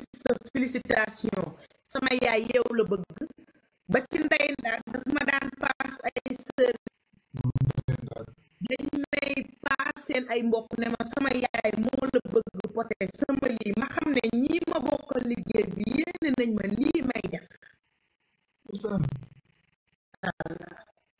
si sa félicitation sama yaay yow la bëgg ba ci ndey ndaat daf ma daan paas ay sër dañ may paas seen ay mbokk ne ma sama yaay moo la bëgg pote sama lii ma xam ne ñii ma bokkal liggéey bi yéene nañ ma lii may def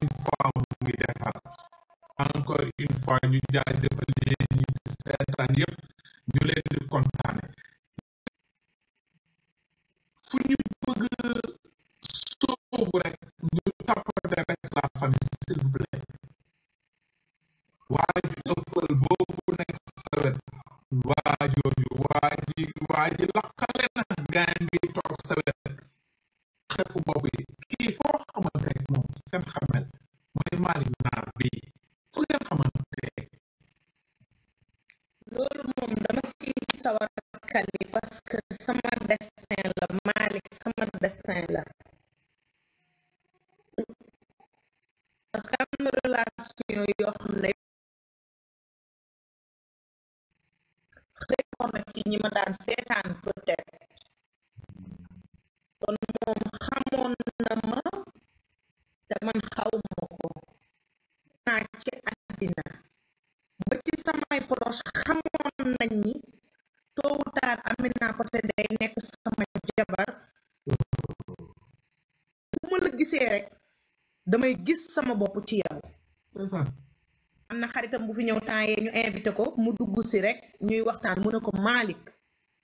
une fois mu ngi defar encore une fois ñu jaajëfal yi ma daan seetaan peut kon moom xamoon na ma te man xawma ko naa ci àddina ba ci samay proche xamoon nañ ni tôt ou tard day nekk sama jabar bu ma la gisee rek damay gis sama bopp ci yow am na xaritam bu fi ñëw temps yee ñu invité ko mu dugg si rek ñuy waxtaan mu ne ko Malick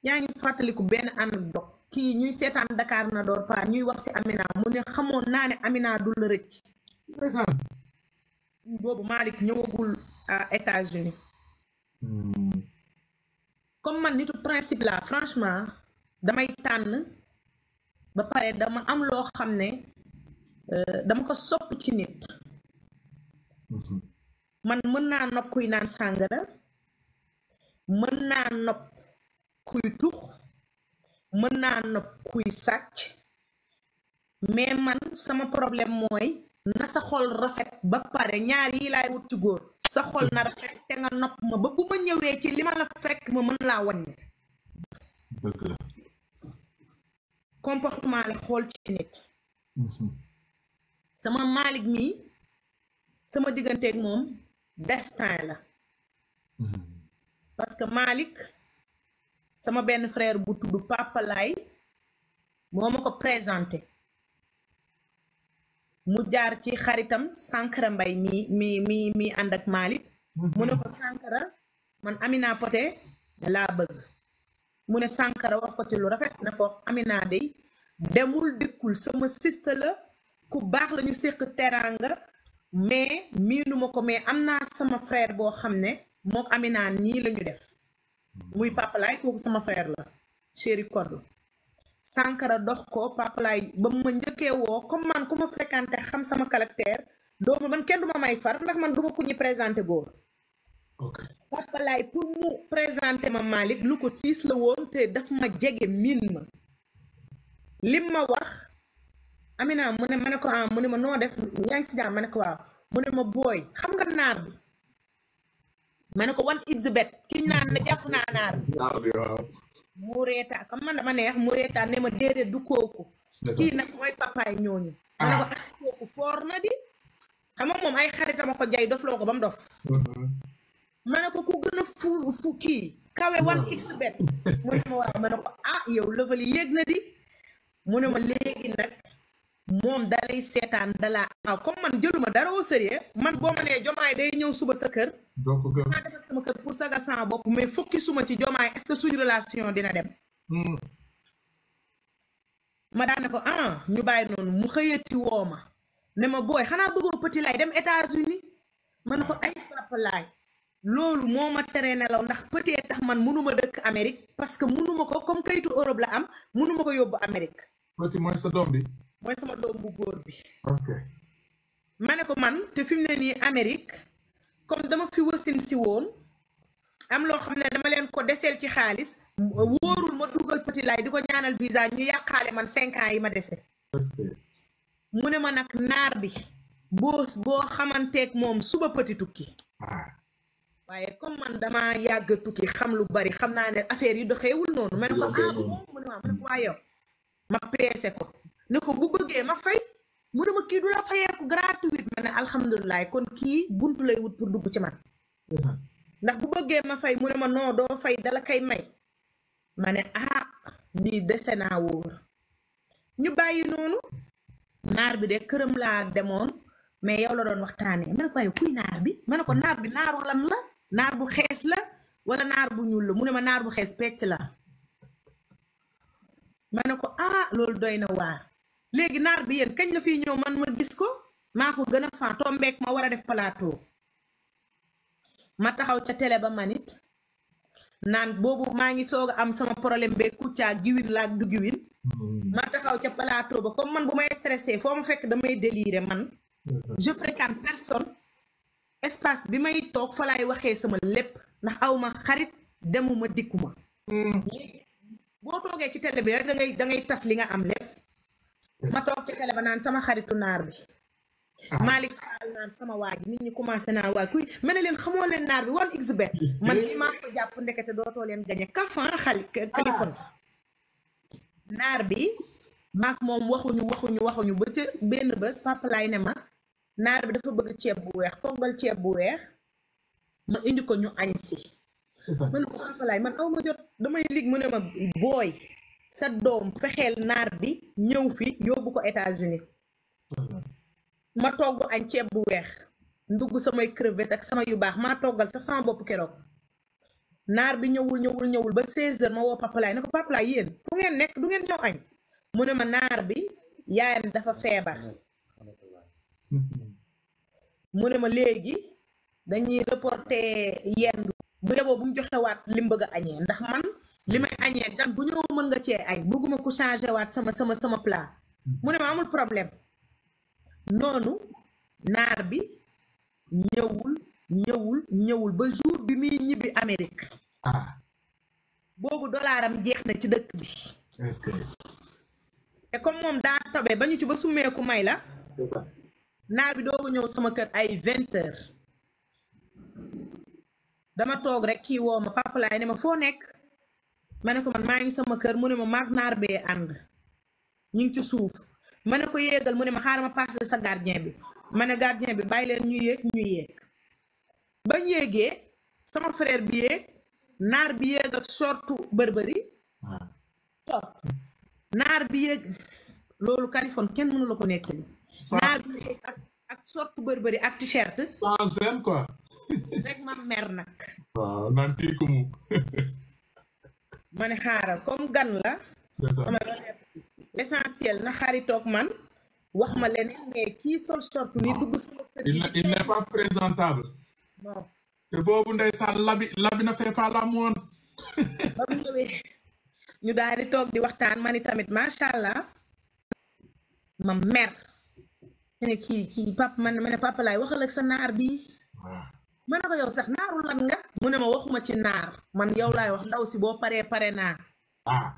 yaa ngi fàttaliku benn anecdote kii ñuy seetaan Dakar na door pa ñuy wax si Amina mu ne xamoon naa ne Amina du la rëcc. boobu Malick ñëwagul États-Unis hmm. comme man nitu principe la franchement damay tànn ba pare dama am loo xam ne euh, dama ko sopp ci nit. Hmm. man mën naa nopp kuy naan sàngara mën naa nopp kuy tux mën naa nopp kuy sàcc mais man sama problème mooy na sa xol rafet ba pare ñaar yi laay wut ci góor sa xol na rafet te nga nopp ma ba bu ñëwee ci li fekk ma mën laa wàññi comportement la xool ci nit mhm. sama Malick mii sama digganteeg moom destin la mhm. parce que Malick sama benn frère bu tudd Papa Laay moo ko présenté mu jaar ci xaritam Sankara Mbay mi mi mi ànd ak Malick mhm. mu ne ko Sankara man Amina Poté laa bëgg mu ne Sankara wax ko ci lu rafet na ko Amina day demul dikkul sama sista la ku baax lañu ñu séq teraanga mais miinuma ko mais am naa sama frère boo xam ne moom Amina nii lañu ñu def muy papalaay kooku sama frère la chéri Codou Sankara dox ko papalaay ba mu ma njëkkee woo comme man ku ma fréquenté xam sama caractère dooma man kenn duma may far ndax man duma ku présenté góor papalaay pour mu présenté ma Malick lu ko tiis la woon te daf ma jege miin ma lim ma wax Amina mu ne ma ne ah, mu ne ma noo def yaa si jàmm ma ko waaw mu ma booy xam nga naar bi ma ko one is ki naan na jàpp naa naar bi mu reetaan comme man dama neex mu reetaan ne ma déedéet du kooku kii nag mooy papaay ñooñu ma ne ko ah, ah kooku foor na di xam nga moom ko jay dof mm-hmm. ko ba mu ah, yow level yéeg na di mu ma léegi nag moom dalay seetaan dalaa ah comme man djeluma dara au sérieux man bo mané nee day ñew suba sa kër ma defar sama kër pour saga sama bop mais fokki suma ci jomaay est-ce suñu relation dina dem hmm. ma daane ko ah ñu bay non mu xeyeti woma né ma boy xana bëggo petit lay dem États-Unis man ko ay papa lay lolu moma ma teree nelaw ndax petit tax man mënuma dëkk Amérique parce que mënuma ko comme kayitu Europe la am mënuma ko yobbu Amérique petit moy sa dom bi mooy sama doom bu góor bi. ma ne ko man te fi mu ne nii Amérique comme dama fi wasin si woon am loo xam ne dama leen ko deseel ci xaalis wóorul ma dugal Petit Laye di ko ñaanal visa ñu yàqaale man cinq ans yi ma dese. mu ne ma nag naar bi boo boo xamanteeg moom suba Petit tukki. Ah. waaye comme man dama yàgg tukki xam lu bari xam naa ne affaire yi doxewul noonu. ma ne ko ah moom mu ne ma ne ko ma peese ko. ni ko bu bëggee ma fay mu ne ma kii du la fayeeku gratuite ma ne alhamdulilah kon kii buntu lay wut pour dugg ci man ndax bu bëggee ma fay mu ne ma non doo fay dala kay may ma ne ah lii dese naa wóor ñu bàyyi noonu naar bi de këram laa demoon mais yow la doon waxtaanee ma ne ko waaye bi ma ne ko naar bi naaru lan la naar bu xees la wala naar bu ñuul mu ne ma naar bu xees pecc la ne ko ah loolu doy na waar léegi naar bi yéen kañ la fiy ñëw man ma gis ko maa ko gën a fan tombeek ma war a def palaato ma taxaw ca télé ba manit naan boobu maa ngi soog a am sama problème bee kuccaa giwin laa du giwin ma taxaw ca plateau ba comme man bu may stressé foo ma fekk damay déliré man je fréquente personne espace bi may toog fa laay waxee sama lépp ndax awma xarit demuma dikkuma mm. boo toogee ci télé bi rek dangay dangay tas li nga am lépp ma toog ci télé ba naan sama xaritu naar bi. Ah. Malick Fall naan sama waaj nit ñi commencé naan waaj kuy ma ne leen xamoo leen naar bi wan xbet man maa ko jàpp ndekete dootoo leen gañe kafan xali Californie ah. naar bi maak moom waxuñu waxuñu waxuñu ba ca benn bés papa ne ma naar bi dafa bëgg ceeb bu weex toggal ceeb bu weex ma indi ko ñu añ si man papa laay man aw ma jot damay lig mu ne ma booy sa doom fexeel naar bi ñëw fi yóbbu ko États-Unis mm-hmm. ma togg añ ceeb bu weex ndugg samay crevette ak sama yu baax maa toggal sax sama bopp keroog naar bi ñëwul ñëwul ñëwul ba 16h ma woo papalaay ne ko papalaay yéen fu ngeen nekk du ngeen ñëw añ mu ne ma naar bi yaayam dafa feebar mm-hmm. mu ne ma léegi dañuy reporté yenn bu yeboo bu mu joxewaat li mu bëgg a añee ndax man li may añee gan bu ñëw mën nga cee añ bëgguma ku changé waat sama sama sama plat mu ne ma amul problème noonu naar bi ñëwul ñëwul ñëwul ba jour bi muy ñibbi Amérique ah. boobu dollaram jeex na ci dëkk bi te comme moom daa tobe ba ñu ci ba summeeku may la naar bi dooga ñëw sama kër ay vingt dama toog rek kii woo ma papa ne ma foo nekk ma ne ko man maa ngi sama kër mu ne ma maag naar bee ànd ñu ngi ci suuf ma ne ko yéegal mu ne ma xaaral ma paase sa gardien bi ma gardien bi bàyyi leen ñu yéeg ñu yéeg bañ yéegee sama frère bi yéeg naar bi yéeg ak sortu bërbëri ah. naar bi yéeg loolu Californie kenn mënu la ko nekk li naar bi yéeg ak ak sortu bërbëri ak t-shirt rek ma mer nag waaw ma ne xaaral comme gan la. sama l'essentiel na xaritoog man wax ma leneen mais kii sol short ni dugg sama kër il n'est pas présentable. non na fait pas la ñu daal di toog di waxtaan ma tamit macha allah ma mer. kii kii papa ma ne papa waxal ak sa naar bi. ma ne ko yow sax naaru nga mu ne ma waxuma ci naar man yow laay wax ndaw si boo paree pare naa ah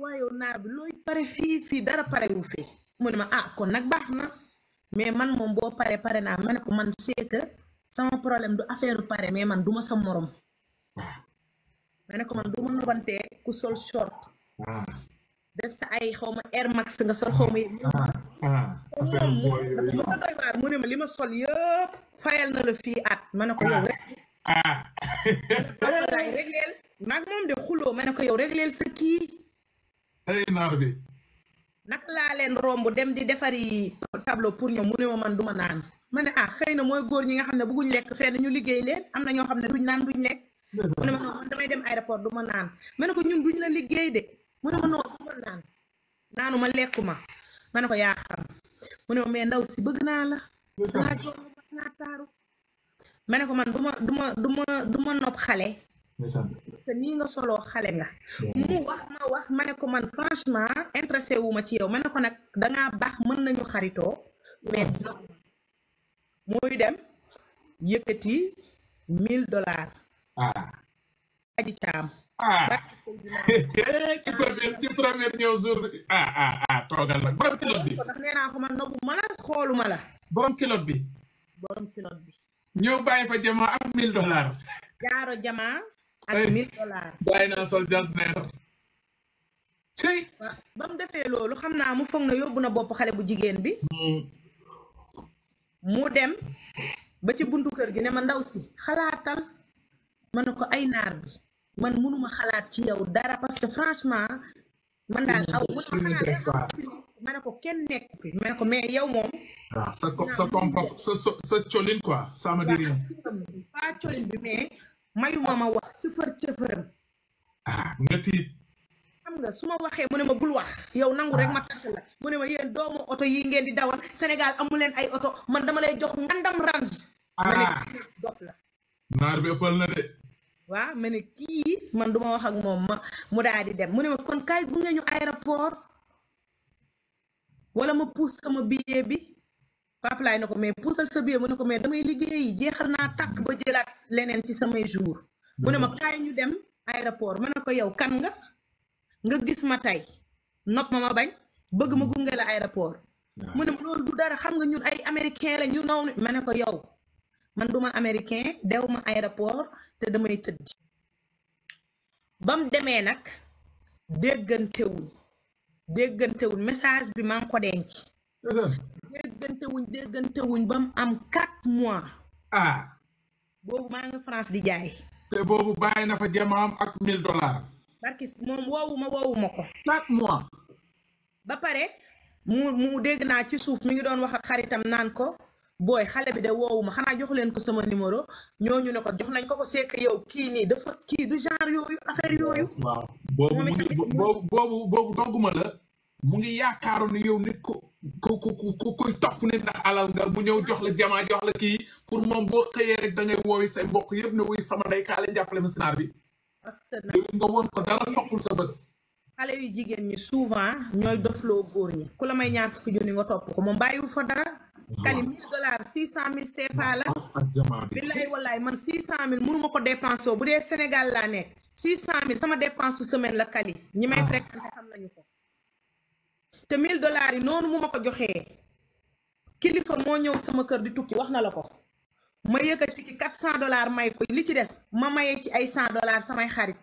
waaye naar bi looy pare fii fii dara pare wu fi mu ne ma ah kon nag baax na mais man moom boo paree pare naa ma ne ko man c'est sama problème du affaire pare mais man duma sa morom ah. ma ne ko man duma nobantee ku sol short ah. def sa ay xaw ma Air Max nga sol xaw ma yëpp. dafa mu ne ma li ma sol yëpp fayal na la fii at ma ne ko yow ah, rek. ah. régleel moom de xuloo ma ne ko yow régleel sa kii. ay naka laa leen romb dem di defar yi tableau pour ñoom mu ne ma man du ma naan ma ne ah xëy na mooy góor ñi nga xam ne bëgguñ lekk fenn ñu liggéey leen am na ñoo xam ne duñ naan duñ lekk. mu ne ma ah, man damay dem aéroport du ma naan ma ne ko ñun duñ la liggéey de. mune ne ma noo amul naan naanu ma lekkuma ma ko ya xam mune ne ma mais ndaw si bëgg na la dangaa jox dangaa taaru ma ko man duma duma duma duma nopp xalé te ni nga solo xalé nga mu wax ma wax mané ko man franchement intéressé wu ma ci yow mané ko nak da nga bax mën nañu xarito mais moy dem yëkëti 1000 dollars ah. aji cham ah ci premier ci premier nobbu ma la xoolu ma la. borom kilot bi. borom bàyyi fa jamaa ak 1000 dollars. jaaro jamaa ak 1000 dollars. bàyyi naa sol jas neer. tey. defee loolu xam naa mu foog na yóbbu na bopp xale bu jigéen bi. Hmm. mu dem ba ci buntu kër gi ne ma ndaw si xalaatal ma ne ko ay naar bi. man mënuma xalaat ci yow dara parce que franchement man daal xaw mënuma xalaat ma ne ko kenn nekk fi ma ne ko mais yow moom ah, sa sa sa compo sa sa colin quoi ça me dit rien pas colin bi mais mayuma ma wax cëfër cëfëram ah nga xam nga su ma waxee mu ne ma bul wax yow nangu rek ma ah. tàkk la mu ne ma yéen doomu oto yi ngeen di dawal Sénégal amu leen ay oto man dama lay jox ngandam range ma ne ah. dof la naar bi ëppal na de waa ma ne kii man duma wax ak moom ma mu daa di dem mu ne ma kon kaay gunge ñu aéroport wala ma puus sama billet bi Pape Laay na ko mais puusal sa billet mu ne ko mais damay liggéeyi jeexal naa tàkk ba leneen ci samay jour mu ne ma mhm. kaay ñu dem aéroport ma ne ko yow kan nga nga gis ma tey nopp ma ma bañ bëgg ma mhm. gunge la aéroport mu ne ma loolu du dara xam nga ñun ay américain la ñu noonu ma ne ko yow man duma americain dew ma aéroport te damay tëdd ba demee nag déggantewuñ déggantewuñ message bi maa ngi ko denc déggantewuñ déggantewuñ ba am quatre mois ah boobu maa nga France di jaay te boobu bàyyi na fa jamaam ak mille dollars moom woowu ma ko quatre mois ba pare mu mu dégg naa ci suuf mu ngi doon wax ak xaritam naan ko booy xale bi de woowu ma xanaa joxu leen ko sama numéro ñooñu ne ko jox nañ ko ko seek yow kii nii dafa kii du genre yooyu affaire yooyu. waaw boobu mu ngi boobu boobu dogguma la mu ngi yaakaaroon yow nit ko ko ko koy topp ne ndax alal nga mu ñëw jox la jamaa jox la kii pour moom boo xëyee rek da ngay woowi say mbokk yëpp ne wuy sama day kaa leen jàppale ma sinaar bi. parce que nag nga woon ko dara toppul sa bët. xale yu jigéen ñi souvent ñooy dofloo góor ñi k la may ñaar fukki junni nga kali mille dollars six cent mille CFA la billaay wallaay man six cent mille mënuma ko dépense bu dee Sénégal laa nekk six cent mille sama dépense su semaine la kali ñi may ah. fréquenté xam nañu ko te mille dollars yi noonu mu ma ko joxee kilifa moo ñëw sama kër di tukki wax na la ko ma yëkkati ci quatre cent dollars may ko li ci des ma mayee ci ay cent dollars samay xarit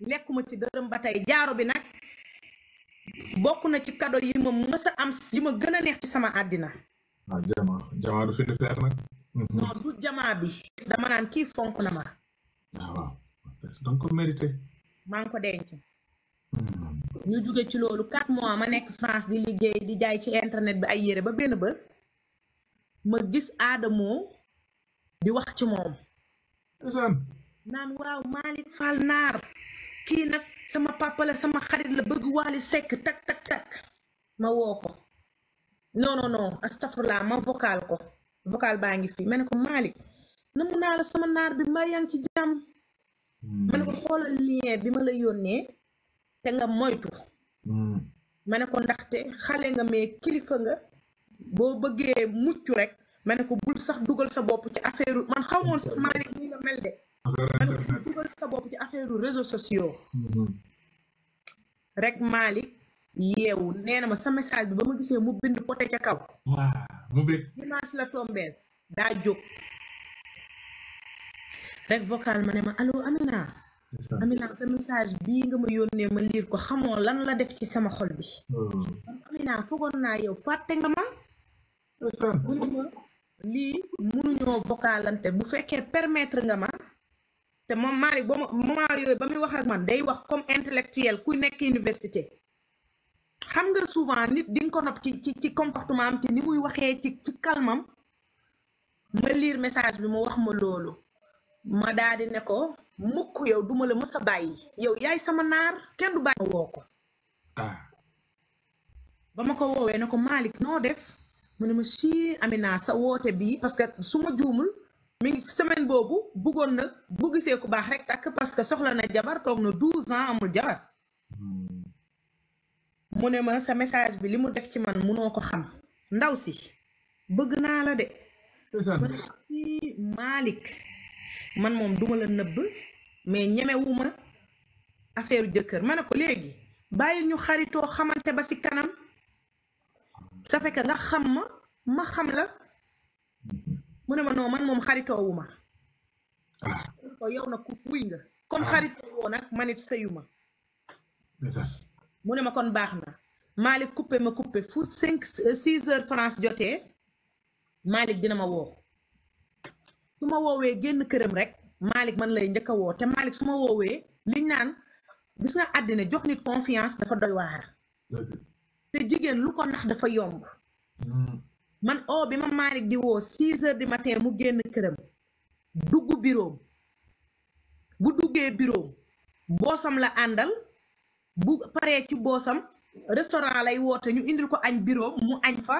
lekkuma ci dërëm ba tey jaaro bi nag bokk na ci cadeau yi ma mës a am yi ma gën a neex ci sama àddina. ah jama jama du fi ne feer mhm. bi. dama naan kii fonk na ma. Ah, waaw donc ko mérité. maa ngi ko denc. Mhm. ñu jóge ci loolu quatre mois ma nekk France di liggéey di jaay ci internet bi ay yére ba benn bés. ma gis Adamo di wax ci moom. naan waaw Malick Fall naar kii nag. sama papa sama xarit la bëgg Wally Seck tak tak tak ma woo ko non non non astafurlah ma vocal ko vocal baa ngi fii ma ne ko Malick namu naa la sama naar bi mbaa yaa ngi ci jàmm hmm. ma xoolal lien bi ma la yónnee te nga moytu hmm. ma ne ndaxte xale nga mais kilifa nga boo bëggee mucc rek ma ne ko bul sax dugal sa bopp ci affaire man xamoon sax nii la mel de dugal sa bopp ci affaire mm-hmm. ma sa message ma gisee mu bind poté kaw mu bi daa jóg rek vocal ma ne ma allo Amina Amina sa message bii nga ma yónnee ma liir ko xamoo lan la def ci sama xol bi mm-hmm. Amina foogoon naa yow fàtte nga ma lii mënuñoo vocalante bu fekkee permettre nga ma te moom Malick ba moment yooyu ba muy wax ak man day wax comme intellectuel ku nekk université xam nga souvent nit di ko nopp ci ci ci comportement am ci ni muy waxee ci ci kalmam ma lire message bi mu wax ma loolu ma daadi ne ko mukk yow duma la mës a bàyyi yow yaay sama naar kenn du bàyyi woo ko ah. ba ma ko woowee ne ko Malick noo def mu ne ma si Amina sa woote bii parce que su ma juumul mi ngi semaine boobu bëggoon na bu gisee ku baax rek takk parce que soxla na jabar toog na douze ans amul jabar hmm. mu ne ma sa message bi li mu def ci man munoo ko xam ndaw si bëgg naa la de Malick man moom duma la nëbb mais ñemewuma affaire jëkkër ma ne ko léegi bàyyi ñu xaritoo xamante ba ci kanam ça fait que nga xam ma ma xam la hmm. mune ne ma non man mom xarito wuma ko yow nag ku fuy nga kon xarito wo nak manit sëyu mune ma kon baxna malik Malick coupé ma coupé fu 5 6 heures France joté malik dina ma wo suma wowe génn kërëm rek malik man lay njëkk wo te malik suma wowe woowee liñ naan gis nga adina jox nit confiance dafa doy waar te jigen lu ko nax dafa yomb man oo oh, bi ma Malick di woo six du matin mu génn këram dugg biroom bu duggee biroom boosam la àndal bu paree ci boosam restaurant lay woote ñu indil ko añ biroom mu añ fa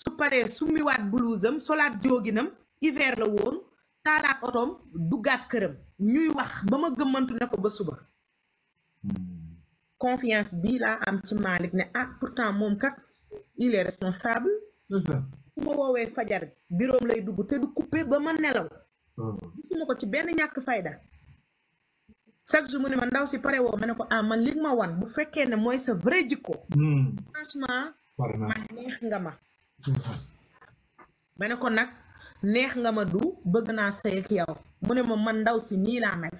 su paree summiwaat buluusam solaat jóginam hiver la woon taalaat otoom duggaat këram ñuy wax ba ma gëmmantu ne ko ba suba confiance bii laa am ci Malick ne ah pourtant moom kat il est responsable ma woowee fajar biroom lay dugg te du coupé ba ma nelaw hmm. gisuma ko ci benn ñàkk fayda chaque jour mu ne ma ndaw si pare woo ma ne ko ah man li ma wan bu fekkee ne mooy sa vrai jikko hmm. franchement man neex nga ma ma ne ko nag neex nga ma du bëgg naa sëy ak mu ne ma man ndaw si nii laa mel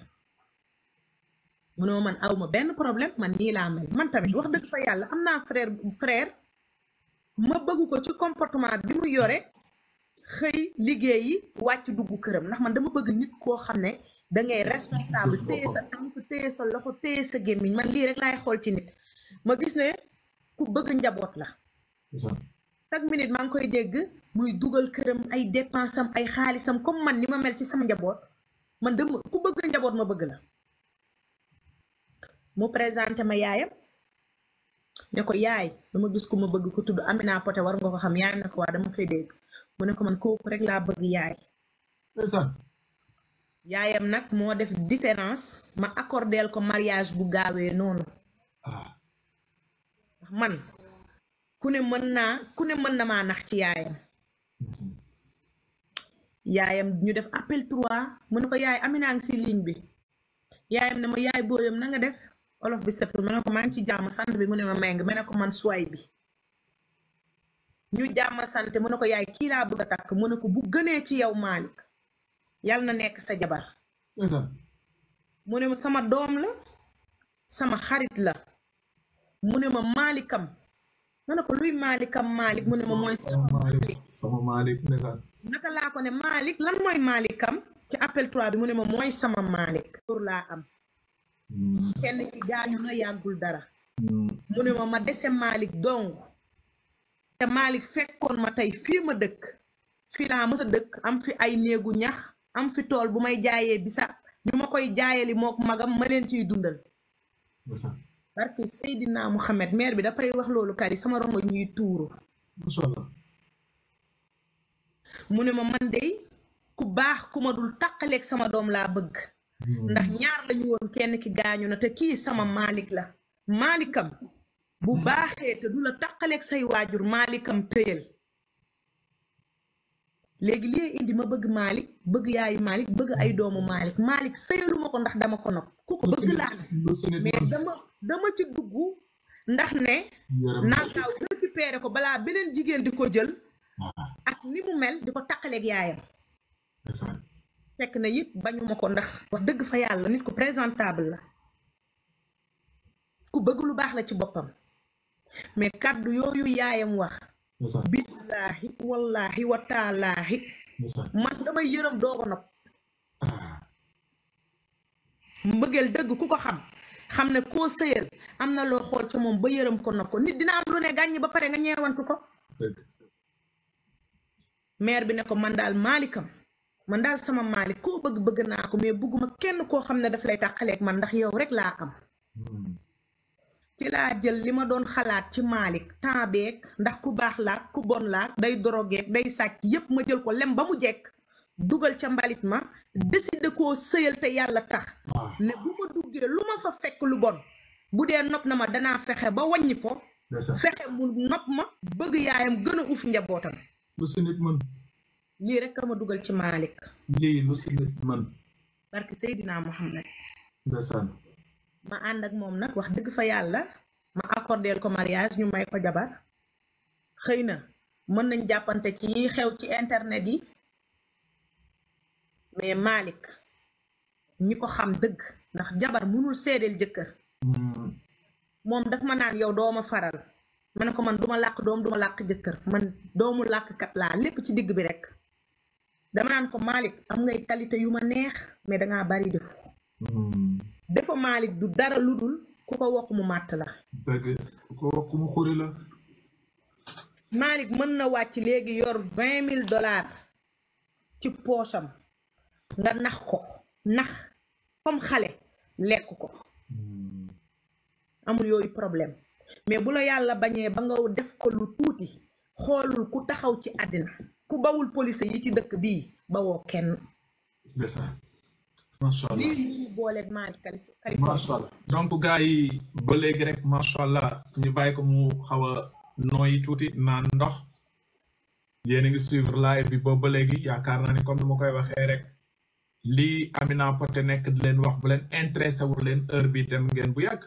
mu ne ma man aw benn problème man nii laa mel man tamit wax dëgg fa yàlla am naa frère frère ma bëgg ko ci comportement bi mu yore xëy liggéeyi wàcc dugg këram ndax man dama bëgg nit koo xam ne dangay ngay responsable téye sa tànk téye sa loxo téye sa gémmiñ man lii rek laay xool ci nit ma gis ne ku bëgg njaboot la chaque minute maa ngi koy dégg muy dugal këram ay dépense ay xaalisam comme man ni ma mel ci sama njaboot man dama ku bëgg njaboot ma bëgg la mu présenté ma yaayam ne ko yaay dama gis ku ma bëgg ko tudd Amina Poté war nga ko xam yaay na ko waa dama koy dégg mu ne ko man kooku rek laa bëgg yaay yaayam nag moo def différence ma accordeel ko mariage bu gaawee noonu ah. ndax man ku ne mën naa ku ne mën na maa nax ci yaayam mhm. yaayam ñu def appel trois mu ne ko yaay Amina ngi si ligne bi yaayam ne ma yaay booyam na nga def olof bi setul ma na ko maa ci jàmm sant bi mu ne ma meng ma ne ko man suwaay bi ñu jàmm sant mu ne ko yaay kii laa bëgg a takk mu ne ko bu gënee ci yaw Malick yàlla na nekk sa jabar mu ne ma sama doom la sama xarit la mu ne ma maalikam ma ne ko luy maalikam Malick mu ne ma mooy sama Malick naka laa ko ne Malick lan mooy maalikam ci appel 3 bi mu ne ma mooy sama Malick pour laa am kenn ci gaañu na yàggul dara mu ne ma ma dese Malick dong te Malick fekkoon ma tey fii ma dëkk fii laa mës dëkk am fi ay néegu ñax am fi tool bu may jaayee bisab ñu ma koy jaayeli mook magam ma leen ciy dundal parce que Seydina Mouhamed maire bi dafay wax loolu kari sama rongo ñuy tuuru mu ne ma man dey ku baax ku ma dul tàqaleeg sama doom laa bëgg ndax hmm. ñaar lañu woon kenn ki gaañu na te kii sama maalik la maalikam bu baaxee te du la say waajur maalikam tëyal léegi liy indi ma bëgg maalik bëgg yaayu maalik bëgg ay doomu maalik maalik sëyaluma ko ndax dama ko nopp ku ko bëgg laa mais dama ci dugg ndax ne naa gaaw récupéré ko balaa beneen jigéen di ko jël ah. ak ni mu mel di ko taqaleek yaayam fekk na yëpp bañuma ko ndax wax dëgg fa yàlla nit ko présentable la ku bëgg lu baax la ci boppam mais kàddu yooyu yaayam wax billaahi wallaahi wa taalaahi man damay yërëm dooga nopp ah. mbëggeel dëgg ku ko xam xam ne koo sëyal am na loo xool ca moom ba yërëm ko nopp ko nit dina am lu ne gàññi ba pare nga ñeewantu ko maire bi ne ko man daal maalikam man daal sama maali koo bëgg bëgg naa ko mais bëgguma kenn koo xam ne daf lay tàqaleeg man ndax yow rek laa am. Hmm. ci laa jël li ma doon xalaat ci maalik temps beeg ndax ku baax laak ku bon laak day dorogeeg day sàcc yépp ma jël ko lem ba mu jekk dugal ca mbalit ma décider koo sëyal te yàlla tax ah. ne bu ma duggee lu ma fa fekk lu bon bu dee nopp na ma danaa fexe ba wàññi ko fexe mu nopp ma bëgg yaayam gën a uuf njabootam lu si lii rek ka ma dugal ci Malick. lii lu si nit man. ma ànd ak moom nag wax dëgg fa yàlla ma accordeel ko mariage ñu may ko jabar xëy na mën nañ jàppante ci yi xew ci internet yi mais Malick ñi ko xam dëgg ndax jabar mënul seedeel jëkkër hmm. moom daf ma naan yow dooma faral ma ne ko man duma làkk doom duma làkk jëkkër man doomu làkk kat laa lépp ci digg bi rekk dama naan ko Malick am ngay qualité yu ma neex mais dangaa bari defu hmm. defa Malick du dara lu dul ku ko wax mu màtt la dëgg mën na wàcc léegi yor vingt mille dollars ci poosam nga nax ko nax comme xale lekk ko hmm. amul yooyu problème mais bu la yàlla bañee ba nga def ko lu tuuti xoolul ku taxaw ci àddina ku bawul police yi ci dëkk ba wo kenn. macha allah lii ñu booleeg maaj macha allah donc gars yi ba léegi rek macha allah ñu bàyyi ko mu xawa noy tuti na ndox yene ngi suivre live bi boobu ba léegi yaakaar naa ni comme dama koy waxee rek li Amina Poté nek di len wax bu len intéressé wu len heure bi dem ngeen bu yàgg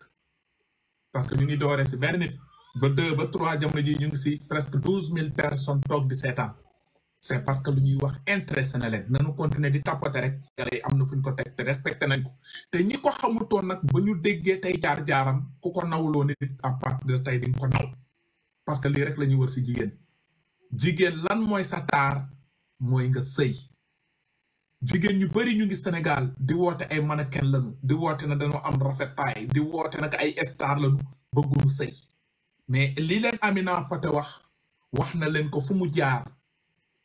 parce que ñu ngi dooree ci ben nit ba 2 ba 3 jamono ji ñu ngi ci presque 12000 personnes tok di seetaan. c'est parce que lu ñuy wax intéressé na leen nañu continuer di tappate rek yi am na fu ñu ko teg te respecté nañ ko te ñi ko xamutoon nag ba ñu déggee tey jaar-jaaram ku ko nawloo nit à partir tey di nga ko naw parce que lii rek la ñuy wër si jigéen jigéen lan mooy sa taar mooy nga sëy jigéen ñu bari ñu ngi Sénégal di woote ay manaken lañu di woote na dañoo am rafetaay di woote nag ay star lañu bëgguñu sëy mais li leen Amina Poté wax wax na leen ko fu mu jaar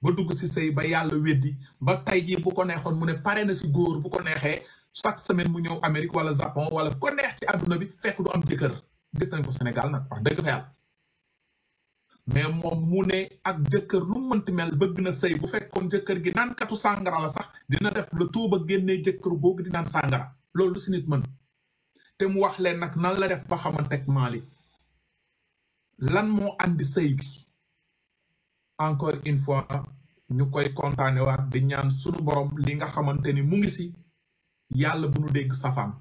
ba dugg si sëy ba yàlla weddi ba tey jii bu ko neexoon mu ne pare na si góor bu ko neexee chaque semaine mu ñëw Amérique wala Japon wala ko neex ci àdduna bi fekk du am jëkkër gis nañ Sénégal nag wax dëgg yàlla mais moom mu ne ak jëkkër lu mënti mel bëgg na sëy bu fekkoon jëkkër gi naan katu sàngara la sax dina def le tout ba génnee jëkkëru googu di naan sàngara loolu si nit mën te mu wax leen nag nan la def ba xamante ak Malick lan moo indi sëy bi. encore une fois ñu koy kontaane waat di ñaan sunu borom li nga xamante ni mu ngi si yàlla bu nu dégg safaan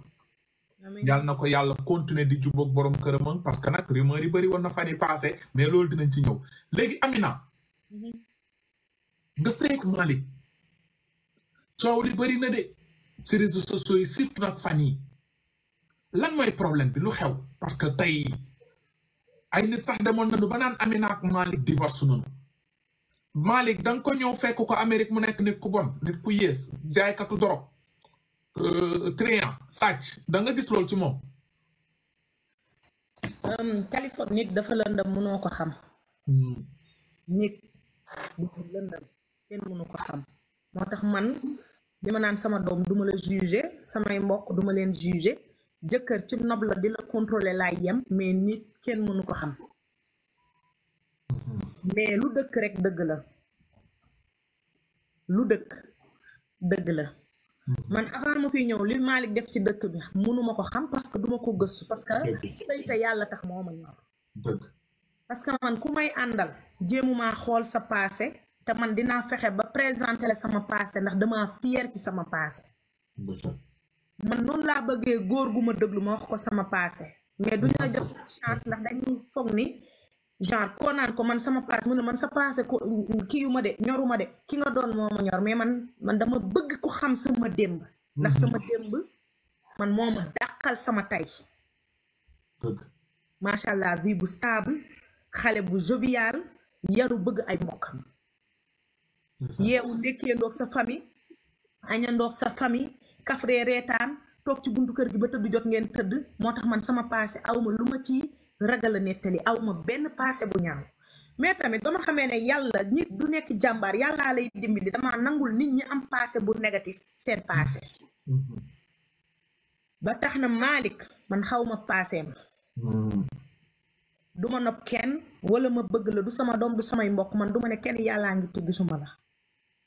yàlla na ko yàlla continuer di jubook borom këramaan parce que nag rumeur yi bëri woon na fan yi passé mais loolu dinañ ci ñëw léegi Amina mhm. nga seeg Malick coow li bëri na de si réseaux sociaux yi surtout nag fan yi lan mooy problème bi lu xew parce que tey ay nit sax demoon na du ba naan Amina ak Malick divorce nañu Malick da nga ko ñëw fekk ko Amérique mu nekk nit ku bon nit ku yées jaaykatu dorog euh, trian sàcc da nga gis loolu ci moom. Um, Californie nit dafa lëndam mënoo ko xam. Hmm. nit dafa ko xam moo tax man li ma naan sama doom duma la juger samay mbokk duma leen juger jëkkër ci nob la di la laay yem mais nit kenn mënu ko xam. mais lu dëkk rek dëgg la lu dëkk dëgg la hmm. man avant ma fi ñëw li Malick def ci dëkk bi mënuma ko xam parce que duma ko gës parce que yàlla tax moo ma ñor dëgg parce que man ku may àndal jéemumaa xool sa passé te man dinaa fexe ba présenté la sama passé ndax damaa fier ci sama paase man noonu laa bëggee góor gu ma déglu ma wax ko sama passé mais duñu la jox sa chance ndax dañuy foog ni genre konan ko man sama place mu ne man sa place ko ki yuma de ñoruma de ki nga doon moma ñor mais man man dama bëgg ko xam sama demb ndax sama mhm. demb man moma ma sama tay. macha allah vie bu stable xalé bu jovial yaru bëgg ay mbokkam. yeewu ndekkee ndox sa famille ndox sa famille kafree reetaan tok ci buntu kër gi ba tëdd jot ngeen tëdd motax man sama passé awma luma ci. ragal a nettali aw ma benn paase bu ñaaw mais tamit dama xamee ne yàlla nit du nekk jàmbaar yàllaa lay dimbali dama nangul nit ñi am passé bu négatif seen passé mm-hmm. ba tax na Malick man xaw ma passé ma mm-hmm. du ma nopp kenn wala ma bëgg la du sama doom du samay mbokk man du ma ne kenn yàllaa ngi tudd gisuma la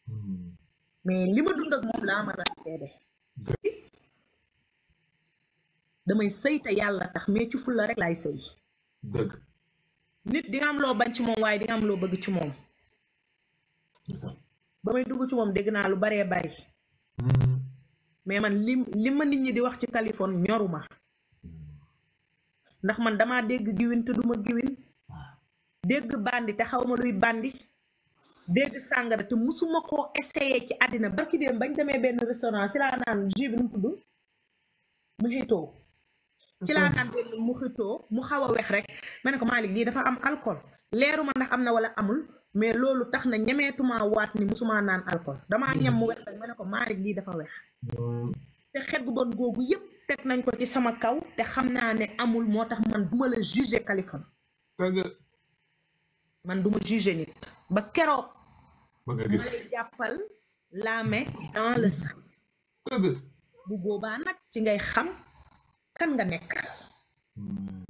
mm-hmm. mais li ma dund moom laa mën a seede damay sëy yàlla tax mais ci fulla rek laay sëy dëgg nit di nga am loo bañ ci moom waaye di nga am loo bëgg ci moom ba may dugg ci moom dégg naa lu baree bari hmm. mais man li li ma nit ñi di wax ci Kaliphone ñoruma ndax man damaa dégg giwin te duma giwin dégg bandi te xaw ma luy bandi dégg sàngara te musuma ko essayé ci àddina barki bañ demee benn restaurant si laa naan jus bi nu mu tudd mu ci laa naan benn mu xitoo mu xaw a weex rek ma ne ko Malick lii dafa am alcool leeruma ndax am na wala amul mais loolu tax na ñemeetuma waat ni musuma naan alcool damaa ñem mu weex rek ma ne ko Malick lii dafa weex te xet gu bon googu yëpp teg nañ ko ci sama kaw te xam naa ne amul moo tax man duma la juger Kaliphone man duma juger nit ba keroog ma lay jàppal laame dans le sang bu boobaa nag ci ngay xam kan nga nekk hmm.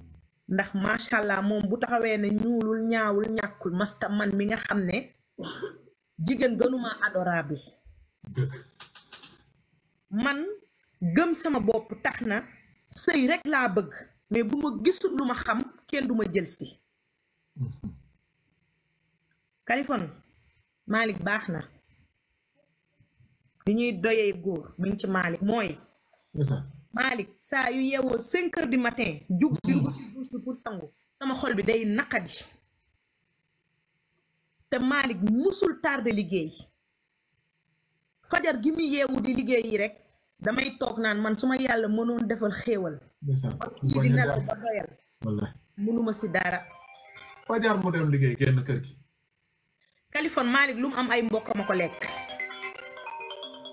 ndax macha allah moom bu taxawee ne ñuulul ñaawul ñàkkul masta man mi nga xam ne jigéen gënuma adorable man gëm sama bopp tax na sëy rek laa bëgg mais bu ma gisul lu ma xam kenn du ma jël si Kaliphone Malick baax na li ñuy doyee góor mi ci Malick mooy malik saa yu yeewoo cinq heures du matin jug di dugg ci douche bi pour sangu sama xol bi day naqadi te Malick musul tardé liggéey fajar gi mu yeewu di liggéey yi rek damay toog naan man suma yàlla mënoon defal xéewal kii di mënuma si dara fajar mu dem liggéey génn kër gi Kaliphone Malick lum am ay mbokk ma ko lekk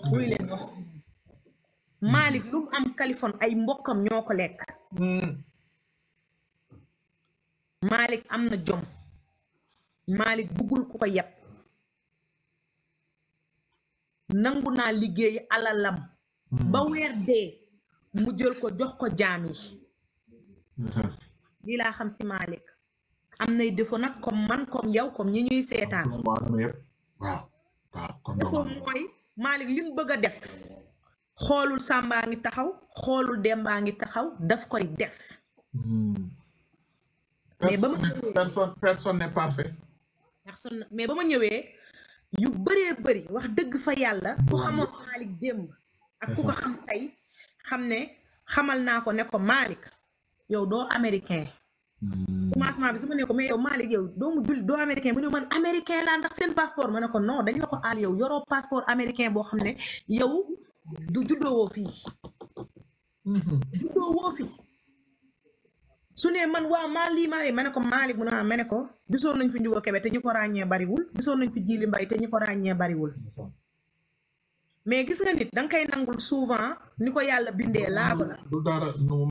muy mm. leen wax Mm-hmm. Malick lu am Kaliphone ay mbokkam ñoo ko lekk mm-hmm. Malick am na jom Malick buggul ku ko yeb nangu naa liggéey alalam mm-hmm. ba weer dee mu jël ko jox ko jaam yi lii laa xam si Malick am nay défaut nag comme man comme yow comme ñi ñuy seetaan waaw waaw mooy Malick li mu def xolul samba ngi taxaw xolul demba ngi taxaw daf koy def. mais bama ñëwé yu bëré bëri wax dëgg fa yàlla ku xamoo malik démb ak ku ko xam tay xamné xamal na ko ne ko malik yow do américain. commencement bi su ne ko mais yow Malick yow doomu julli doo américain bu ñu man américain laa ndax seen passeport ma ko non dañ la ko aal yow yoroo passeport américain boo xam yow du juddoowoo fii mm-hmm. fii su ne man waa maa lii maa yi ma ne ko Malick mu ne ma ne ko gisoon nañ fi Ndiouga Kébé te ñu ko ràññee bariwul gisoon nañ fi Djily Mbaye te ñu ko ràññee bariwul mais gis nga nit danga koy nangul souvent ni ko yàlla bindee laaba la du dara nu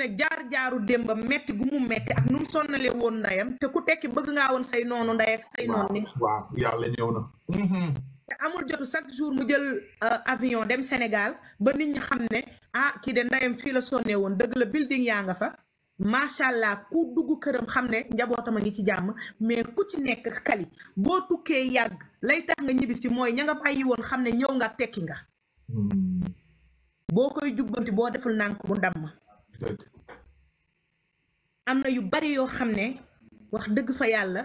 na jaar-jaaru démba metti gu mu metti ak nu mu woon ndeyam te ku tekki bëgg ngaa woon say noonu ndey ak say noonu ni waaw yàlla ñëw na mm-hmm. te amul jotu chaque jour mu jël euh, avion dem Sénégal ba nit ñi xam ne ah kii de ndeyam fii la sonnee woon dëgg la building yaa nga fa macha allah ku dugg këram xam ne njabootam a ngi ci jàmm mais ku ci nekk kali boo tukkee yàgg lay tax nga ñibbisi mooy ña nga bàyyi woon xam ne ñëw nga tekki nga. Hmm. boo koy jubbanti boo deful nànk bu ndam. am na yu bari yoo xam ne wax dëgg fa yàlla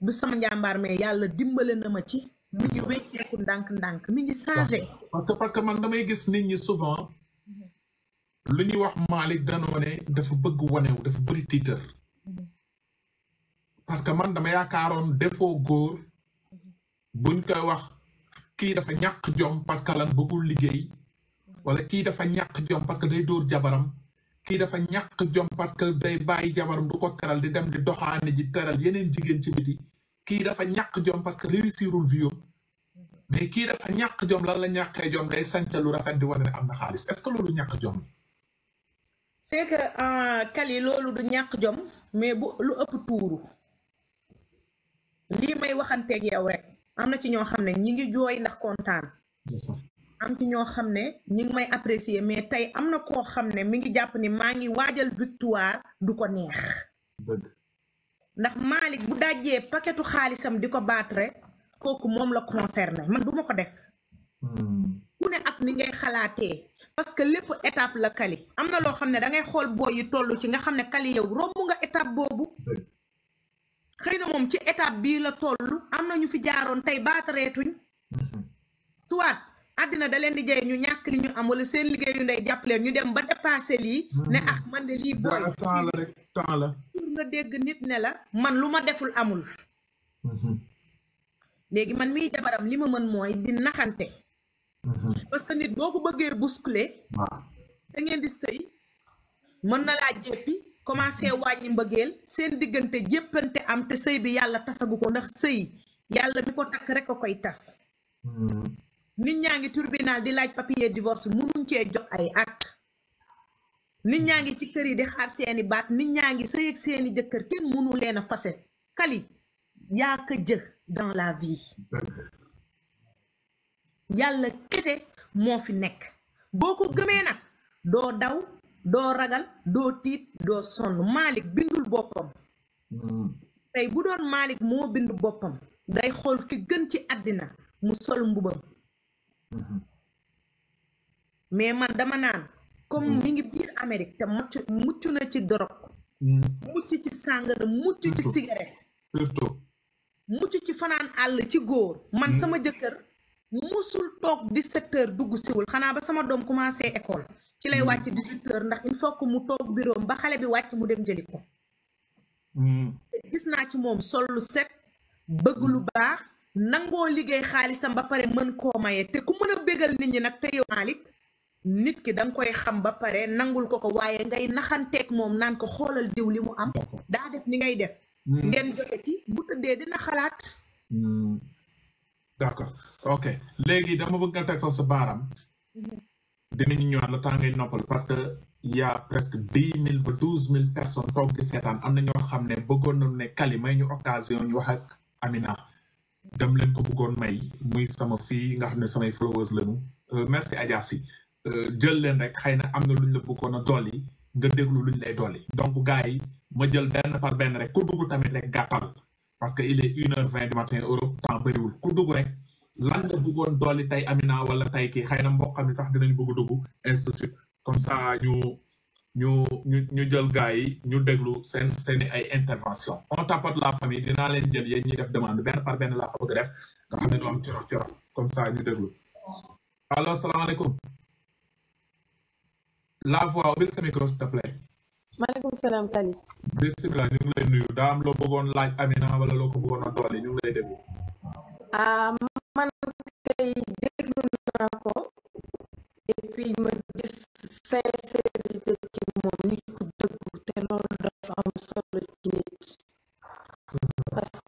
du sama njàmbaar mais yàlla dimbale na ma ci. mi ngi wécceeku ndànk-ndànk mi ngi changé. parce parce que man damay gis nit ñi souvent mm-hmm. lu ñuy wax Malick danoo ne dafa bëgg wanew dafa bëri tiitar mm-hmm. parce que man dama yaakaaroon defoo góor mm-hmm. buñ koy wax kii dafa ñàkk jom parce que lan bëggul liggéey wala kii dafa ñàkk jom parce que day dóor jabaram kii dafa ñàkk jom parce que day bàyyi jabaram du ko teral di dem di doxaane ji teral yeneen jigéen ci biti kii dafa ñàkk jom parce que réussirul vie mais kii dafa ñàkk jom lan la ñàkkee jom day sànca lu rafet di wane ne am na xaalis est ce que loolu ñàkk jom. est que euh, kali jom mais bu lu ëpp tuuru lii may waxanteeg yow rek am na ci ñoo xam ne ñi ngi jooy ndax kontaan. am ci ñoo xam ne ñi ngi may apprécier mais tey am na koo xam ne mi ngi jàpp ni maa ngi waajal victoire du ko neex. ndax Malick bu dàjjee paquetu xaalisam di ko baatre kooku moom la concerné man duma ko def hmm. ku ne ak ni ngay xalaatee parce que lépp étape la kali am na loo xam ne dangay xool boo yi toll ci nga xam ne kali yow romb nga étape boobu xëy na moom ci étape bii la toll am na ñu fi jaaroon tey baatareetuñ hmm. soit àddina da leen di jey ñu ñàkk li ñu am wala seen liggéeyu ndey jàpp leen ñu dem ba dépassé lii hmm. ne ax ah, man de lii booy la nga dégg nit ne la man lu ma deful amul mm-hmm. léegi man mii jabaram li ma mën mooy di naxante mm-hmm. parce que nit boo ko bëggee buskule da ngeen di sëy mën na laa jéppi commencé wàññi mbëggeel seen diggante jéppante am te sëy bi yàlla tasagu ko ndax sëy yàlla mi ko takk rek a koy tas mm-hmm. nit ñaa ngi tribunal di laaj papier divorce munuñ cee jot ay at nit ñaa ngi ci kër yi di xaar seeni baat nit ñaa ngi sëy ak seeni jëkkër kenn mënu leen a fase kali yaa ko jëkk dans la vie yàlla kese moo fi nekk boo ko gëmee nag doo daw doo ragal doo tiit doo sonn maalik bindul boppam hmm. tey bu doon Malick moo bind boppam day xool ki gën ci àddina mu sol mbubam hmm. mais man dama naan comme mm. mi ngi biir Amérique te mucc mucc na ci drogue mm. mucc ci sàngara mucc ci cigarette mucc ci fanaan àll ci góor man mm. sama jëkkër musul toog di heures dugg siwul xanaa ba sama doom commencé école ci lay wàcc 18 heures ndax il faut que mu toog bureau ba xale bi wàcc mu dem jëli ko gis naa ci moom sol lu set bëgg lu baax nangoo liggéey xaalisam ba pare mën koo maye te ku mën a bégal nit ñi nag te yow Malick nit ki da koy xam ba pare nangul ko ko waaye ngay naxanteeg moom naan ko xoolal diw li mu am. daa def ni ngay def. Hmm. ngeen jote ci bu tëddee dina xalaat. Hmm. d' accord ok léegi dama bëgg nga teg foofu sa baaraam. Mhm. dinañu ñëwaat la temps ngay noppal parce que y' presque dix mille ba douze mille personnes toog di seetaan am na ñoo xam ne bëggoon nañu ne Kali may ñu occasion ñu wax ak Amina. dem leen ko bëggoon may muy sama fii nga xam ne samay followers lañu euh, merci Euh, jël leen rek xëy na am na luñ la bëggoon a dolli nga déglu luñ lay dolli donc gars yi ma jël benn par benn rek ku dugg tamit rek gàttal parce que il est une heure vingt du matin Europe temps bëriwul ku dugg rek lan la bëggoon dolli tey Amina wala tey kii xëy na mboq mi sax dinañ bëgg dugg ainsi de suite comme ça ñu ñu ñu ñu jël gars yi ñu déglu seen seen ay intervention on tapote la famille dinaa leen jël yéen ñuy def demande benn par benn laa ko bëgg def nga xam ne du am coro coro comme ça ñu déglu allo salaamaaleykum la voix ubbil ah, man kay déglu naa ko et ma gis sincérité ci moom nit ku dëggu te loolu dafa am solo ci nit. parce